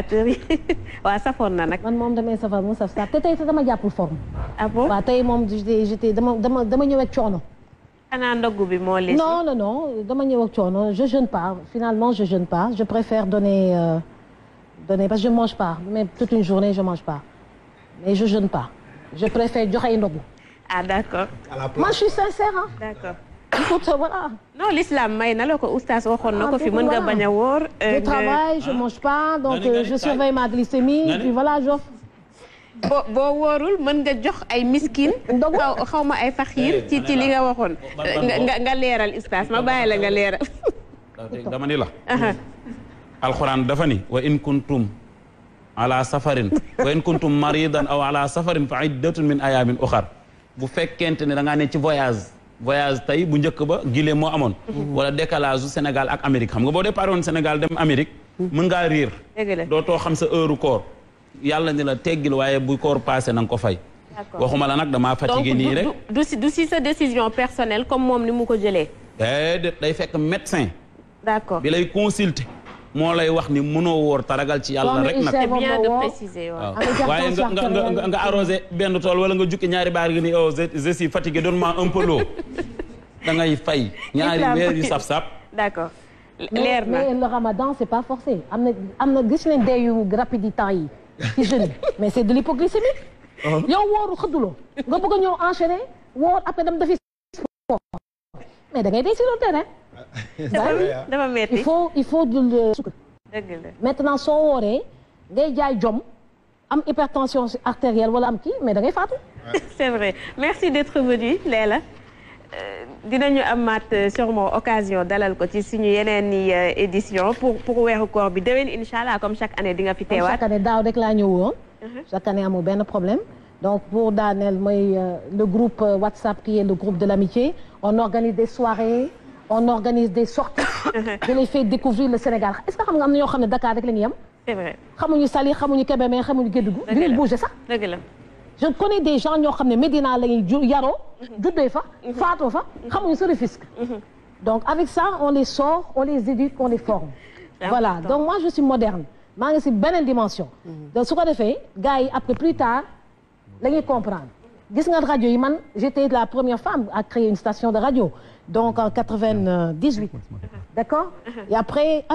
acteurs yi waaw safoon na nag. man moom damay safar mu saf saaf te tey dama jàppul a ah bon waaw tey moom j'étais dama dama a ñëw ak bi moo non non non dama ñëw je jeûne pas finalement je jeûne pas je préfère donner euh, je mange pas mais toute une journée je mange pas mais je jeûne pas je préfère joxe ndogu. ah d'accord. à sincère écoute voilà. l'islam may na la ko oustaz waxoon na fi mën nga ah, bañ a wóor. Euh, je travaille ah. donc euh, je surveille ma glycémie puis voilà j'offre. boo boo mën nga jox ay miskin. ndogu xaw ay faxiir eh, ci ci li nga waxoon. nga nga leeral oustaz ma bàyyi la nga leeral. dama ni la. alxuraan dafa in kuntum ala safarin wa in kuntum aw ala safarin fa iddatun min ayamin uxar bu fekkente ne da ne ci voyage. voyage tey bu njëkk ba gilee moo amoon mhm. wala décalage Sénégal ak Amérique xam nga boo départ woon Sénégal dem Amérique mhm. mën ngaa riir dootoo xam sa heure koor yàlla ni la teggil waaye bu koor passé na nga ko fay waxuma la nag damaa fatigué nii rek du si si sa décision personnelle comme moom ni mu ko jëlee déedéet day fekk médecin d'accord bi lay consulter moo lay wax ni mënoo woor taragal ci yàlla rek nag waaye nga nga nga arrosé benn tool wala nga jukki ñaari baar gi ni oh je suis fatigué donne-moi un peu l'eau da ngay fay ñaari weer yu saf-saf d'accord leer na mais le ramadan c'est pas forcé am na am na mais c'est de l'hypoglycémie oh. yow wooru xëdduloo nga bëgg a ñëw enchaîner woor après dem defi sport mais da ngay dee si le dafa metti il faut il faut soo wooree ngay jaay jom am hypertension artérielle wala am kii mais da ngay faatu c'est vrai merci d'être venu Leila euh, dinañu amaat euh, sûrement occasion dalal ko ci suñu yeneen i euh, édition pour pour weeru koor bi déwén incha allah comme chaque année di nga fi teewaat chaque année daaw rek laa ñëwoon. Uh-huh. chaque année amul benn problème. donc pour daaneel mooy le groupe WhatsApp qui est le groupe de l'amitié on organise des soirées. on organise des sorties. je les fais découvrir le Sénégal est ce que xam nga am na ñoo xam ne Dakar rek la ñu yem. c'est vrai xamuñu Saly xamuñu Kébémer xamuñu Kédougou. dëgg la dinañ bouger sax. dëgg la je connais des gens ñoo xam ne Médina la ñuy ju yaroo. Mhm. juddee fa. Mhm. faatoo fa mhm. xamuñu sa Rufisque. donc avec ça on les sort on les éduque on les forme. voilà donc moi je suis moderne maa ngi si beneen dimension. donc su ko defee gars yi après plus tard la ñuy comprendre gis nga rajo yi man j'étais la première femme à créer une station de radio. donc en quatre-vingt-dix-huit d'accord ah,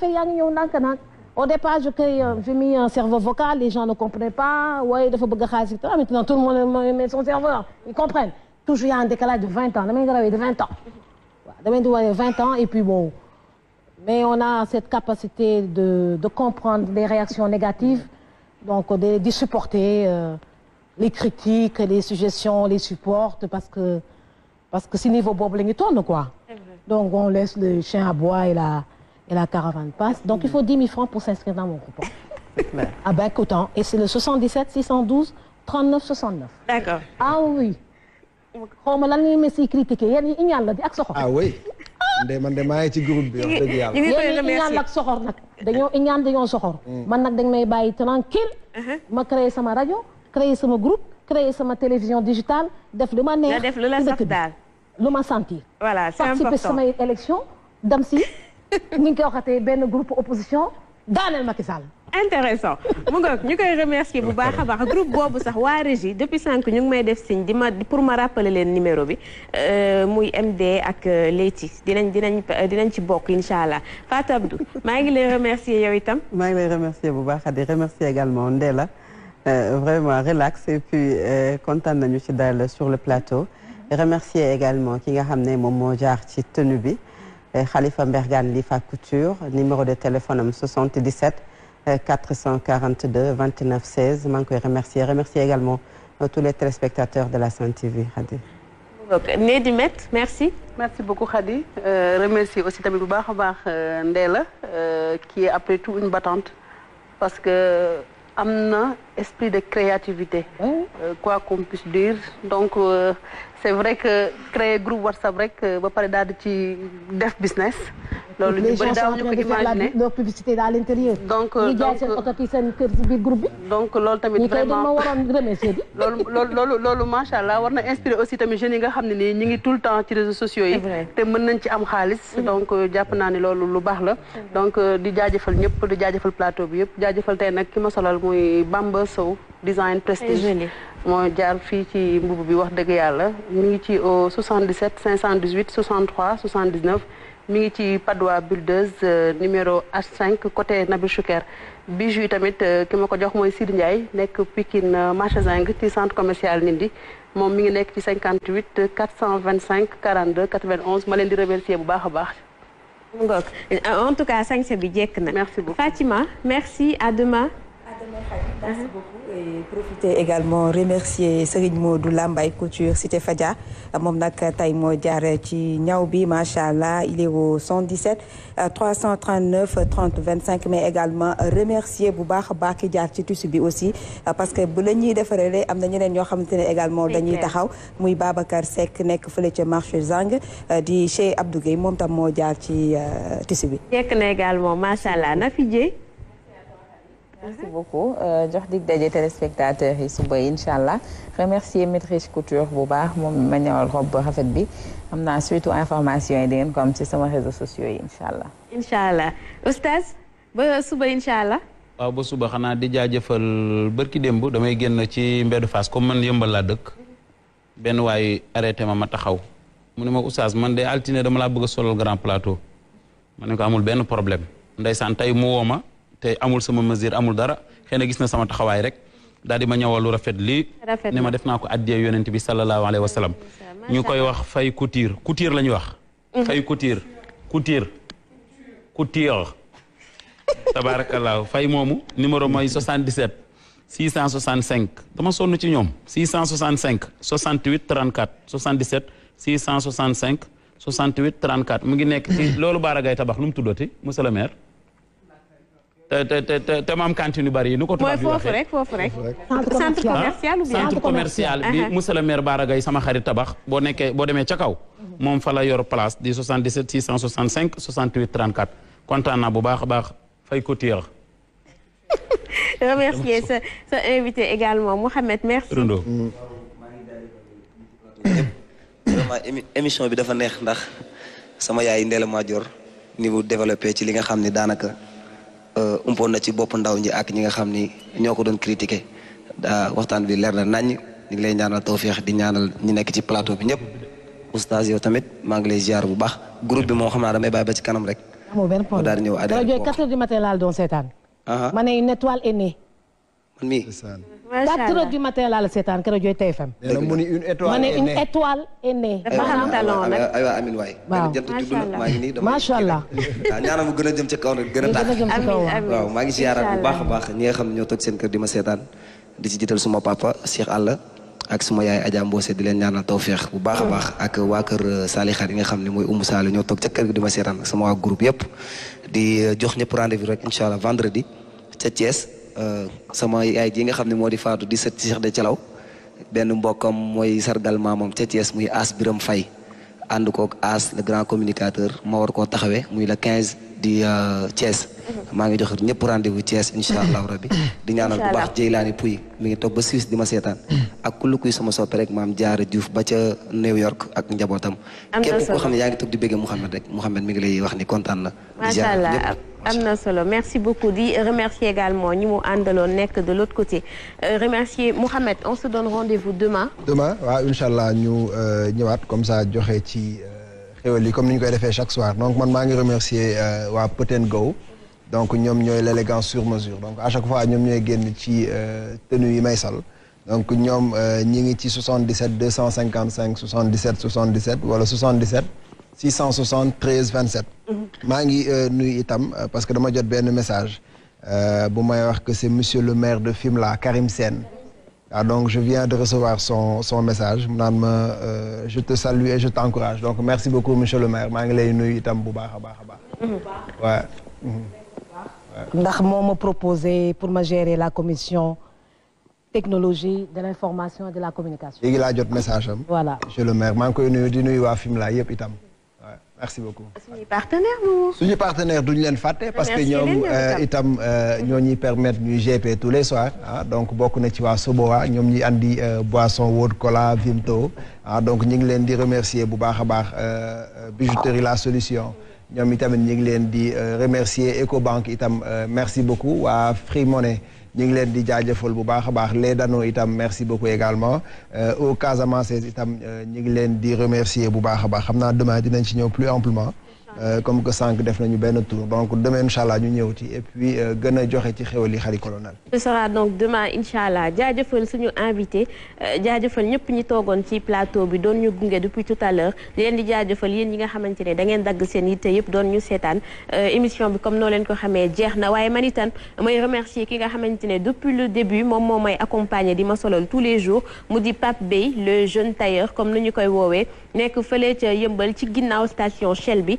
ñëw ndànk-ndànk au départ je crée euh, j'ai mis un vocal les gens ne comprenaient bëgg a xaalis ah maintenant tout le monde met son cerveau ils comprennent toujours a un décalage de vingt ans damay rawee de mais on a capacité de de comprendre les réactions négatives donc de de supporter euh, les critiques les suggestions les supports parce que parce que si niveau boobu la ñu toll quoi. donc on laisse le chien à bois et la et la caravane passe donc il faut 10 000 francs pour s'inscrire dans mon groupe. à Bakotan et c'est le d'accord ah oui. xaw la ñu si critiqué yéen ñi ñaan di ak soxor. ah oui ndey man de maa groupe bi wax dëgg yàlla. yéen ñi nag dañoo ñaan dañoo mm. man nag dañ may bàyyi tranquille uh-huh. ma créé sama rajo créé sama groupe. créer sama télévision digitale def lu ma neex. nga def lu la saf daal lu ma sentir. voilà c'est important participer samay élection dem si ni nga koy waxatee benn groupe opposition ma ki Sall. intéressant mu ngoog ñu koy remercier bu baax a baax groupe boobu sax waa régie depuis sànq ñu ngi may def signe di ma pour ma rappeler leen numéro bi euh, muy MD ak euh, Leyti dinañ dinañ dinañ ci bokk incha allah Fatou Abdou maa ngi lay remercier yow itam. maa ngi lay remercier bu baax a di remercier également la Euh, vraiment relax et puis euh, kontaan nañu ci daal sur le plateau. Mm-hmm. remercier également ki nga xam ne moom moo jaar ci tenue bi. Euh, Khalifa Mbergane li fa couture numéro de téléphone am 77 442 29 16 maa ngi koy remercier remercier également tous les téléspectateurs de la Sen TV Khady. ok Ndeye Met merci. merci beaucoup tamit bu baax a baax Ndella qui est après tout une que. am na esprit de créativité euh, quoi qu'on puisse dire donc euh, c'est vrai que créer groupe WhatsApp rek euh, ba pare daal di ci def business loolu ñu bëri daawuñu ko donc seen oto ci loolu tamit vraiment ma loolu loolu loolu loolu macha allah war na inspirer aussi tamit jeunes yi nga xam ne nii ñi ngi tout le temps ci réseaux sociaux yi te mën nañ ci am xaalis mm-hmm. donc euh, jàpp naa ne loolu lu baax la mm-hmm. donc euh, di jaajëfal ñëpp di jaajëfal plateau bi yëpp jaajëfal tey nag ki ma solal muy Bamba Sow design prestige moo jaar fii ci mbubb bi wax dëgg yàlla mi ngi ci au 77 518 63 79 mi ngi ci Padois Buldeuse euh, numéro H5 côté Nabil Choucair bijou yi tamit euh, ki ma ko jox mooy Sidi Ndiaye nekk Pikine euh, marché Zing ci centre commercial Nindi moom mi ngi nekk ci 58 425 42 91 ma maleen di remercier bu baax a baax. en tout cas sañse bi jekk na. merci beaucoup Fatima merci à demain. Merci mhm. beaucoup et profiter également remercier Serigne Modou Lambaye Couture Cité Fadia moom nag tey moo jaar ci ñaw bi macha allah il est au 117 339 30 25 mais également euh, remercier bu baax a baax ki jaar ci tissu bi aussi euh, parce que bu la ñuy defaree am na ñeneen ñoo xamante ne également dañuy taxaw muy Babacar Seck nekk fële ca marché Zang euh, di chez Abdou Gueye moom tam moo jaar ci tissu bi. jekk na également macha allah na fi merci beaucoup euh, jox dig daje téléspectateurs yi suba incha allah remercier maîtrise couture bu baax moom ma ñëwal robe rafet bi xam naa surtout information yi di ngeen ci sama réseaux sociaux yi incha allah. incha allah oustaz ba suba incha allah. waaw ba suba xanaa di jaajëfal bërki démb damay génn ci mbeddu Fass comme man yëmbal laa dëkk benn waay arrêté ma ma taxaw mu ne ma oustaz man de altine dama laa bëgg a solal grand plateau ma ne ko amul benn problème ndeysaan te amul sama mesure amul dara xëy gis na sama taxawaay rek daal di ma ñëwal lu rafet lii ne ma def naa ko addiyee yonent bi sallallahu alayhi wa sallam ñu koy wax fay couture couture la ñuy wax mhm. fay couture couture couture tabaarakallaahu fay moomu numéro mooy 77 665 dama sonn ci ñoom 665 68 34 77 665 68 34 mu ngi nekk ci loolu baaragay tabax lu mu tuddati monsieur maire te te te maam cantine bari yi nu ko tubaab di waxee foofu rek centre commercial bi uh-huh. monsieur le maire Bara Gaye sama xarit tabax boo nekkee boo demee ca kaw. moom fa la yor place di 77 665 68 34 kontaan naa bu baax a baax fay ko téye remercier sa sa invité également Mouhamed merci. émission bi dafa neex ndax sama yaay Ndella Madior ni mu développé ci li nga xam ne daanaka. Euh, umpoon na ci bopp ndaw ñi ak ñi nga xam ni ñoo ko doon critiqué waxtaan bi leer na naññ ñu ngi lay ñaanal tawféex di ñaanal ñi nekk ci plateau bi ñëpp oustaz yow tamit maa ngi lay ziar bu baax groupe bi moom xam naa damay bàyyi ba ci kanam rek. ma ne une étoile est man mii. seetaan keroog jooy TFM. dëgg mu ni une étoile ma ne une étoile est née. dafa nag aywa mu gën a jëm ci kaw nag gën maa ngi ziaraat bu baax a baax ñi nga xam ñoo toog seen kër di ma seetaan di ci jiital suma papa Cheikh Alla ak suma yaay Adja Mbose di leen ñaanal tawféex bu baax a baax ak waa kër euh, Sali Xaar yi nga xam ne mooy Oumou Sali ñoo toog ca kër di ma seetaan ak sama group groupe yëpp di euh, jox ñëpp rendez-vous rek incha allah vendredi ca Thiès Euh, sama yaay ji nga xam ne moo di faatu di sët ci Cheikh de Calaw benn mbokkam mooy sargal maamam ca Thiès muy As Biram Faye ànd kook As le grand communicateur ma war koo taxawee muy le 15 di euh, Thiès. Mhm. maa ngi jox ñëpp rendez-vous mhm. di ñaanal ngi toog ba Suisse di ma seetaan. Mhm. ak kullu kuy sama soppe rek maam Jaara Diouf ba ca New York ak njabootam. am na solo képp koo xam ne yaa ngi toog di bëggee Mouhamed rek Mouhamed mi ngi lay wax ni kontaan na. am na solo merci beaucoup di remercier également ñi mu àndaloon nekk de l'autre côté euh, remercier Mouhamed on se donne rendez-vous demain. demain waaw incha allah ñu euh, ñëwaat comme ça joxe ci euh, xéwal li comme ni ñu koy defee chaque soir donc man maa ngi remercier waa Pot and donc ñoom ñooy l'élégance sur mesure donc à chaque fois ñoom ñooy génn ci tenue yi may sal donc ñoom ñi ngi ci 77 255 77 wala 660 13 27. maa ngi euh, nuyu itam euh, parce que dama jot benn message euh, bu may wax que monsieur le maire de Fimela Karim Sène ah donc je viens son son message mu naan ma je beaucoup monsieur le maire maa ngi lay nuyu itam bu baax a baax a baax. waaw. Mhm. Mhm. ndax moo ma proposé pour ma gérer la commission. technologie de l'information et de la communication. léegi laa jot message am. voilà monsieur nuyu di nuyu itam. merci beaucoup suñuy partenaire moom. suñu partenaire duñu leen fàtte. parce que ñoom euh, itam euh, ñoo ñuy permettre ñuy GP tous les soirs. ah donc bokk na ci waa Soboa ñoom ñuy andi euh, boisson Wod Cola Vimto. ah donc ñu ngi leen di remercier bu baax a baax bijouterie La Solution. ñoom itamit ñu ngi leen di remercier Ecobank itam merci beaucoup waa Free Money ñu ngi leen di jaajëfal bu baax a baax les dano itam merci beaucoup également euh, au Casamance itam euh, ñu ngi leen di remercier bu baax a baax xam naa demain dinañ ci ñëw plus amplement Euh, comme que sànq def nañu benn tour donc demain incha allah ñu ñëw ci et puis euh, gën a joxe ci xéwal yi xari colonel ce sera donc demain incha allah jaajëfal suñu invité euh, jaajëfal ñëpp ñi toogoon ci plateau bi doon ñu gunge depuis tout à leen di jaajëfal yéen ñi nga xamante ne da ngeen dagg seen yitte yëpp doon ñu seetaan émission bi comme noo leen ko xamee jeex na waaye man itam may remercier ki nga xamante ne depuis le début moom moo may accompagner di ma solal tous les jours mu di Pape comme ni ñu koy woowee nekk fële ca ci ginnaaw station Shell bi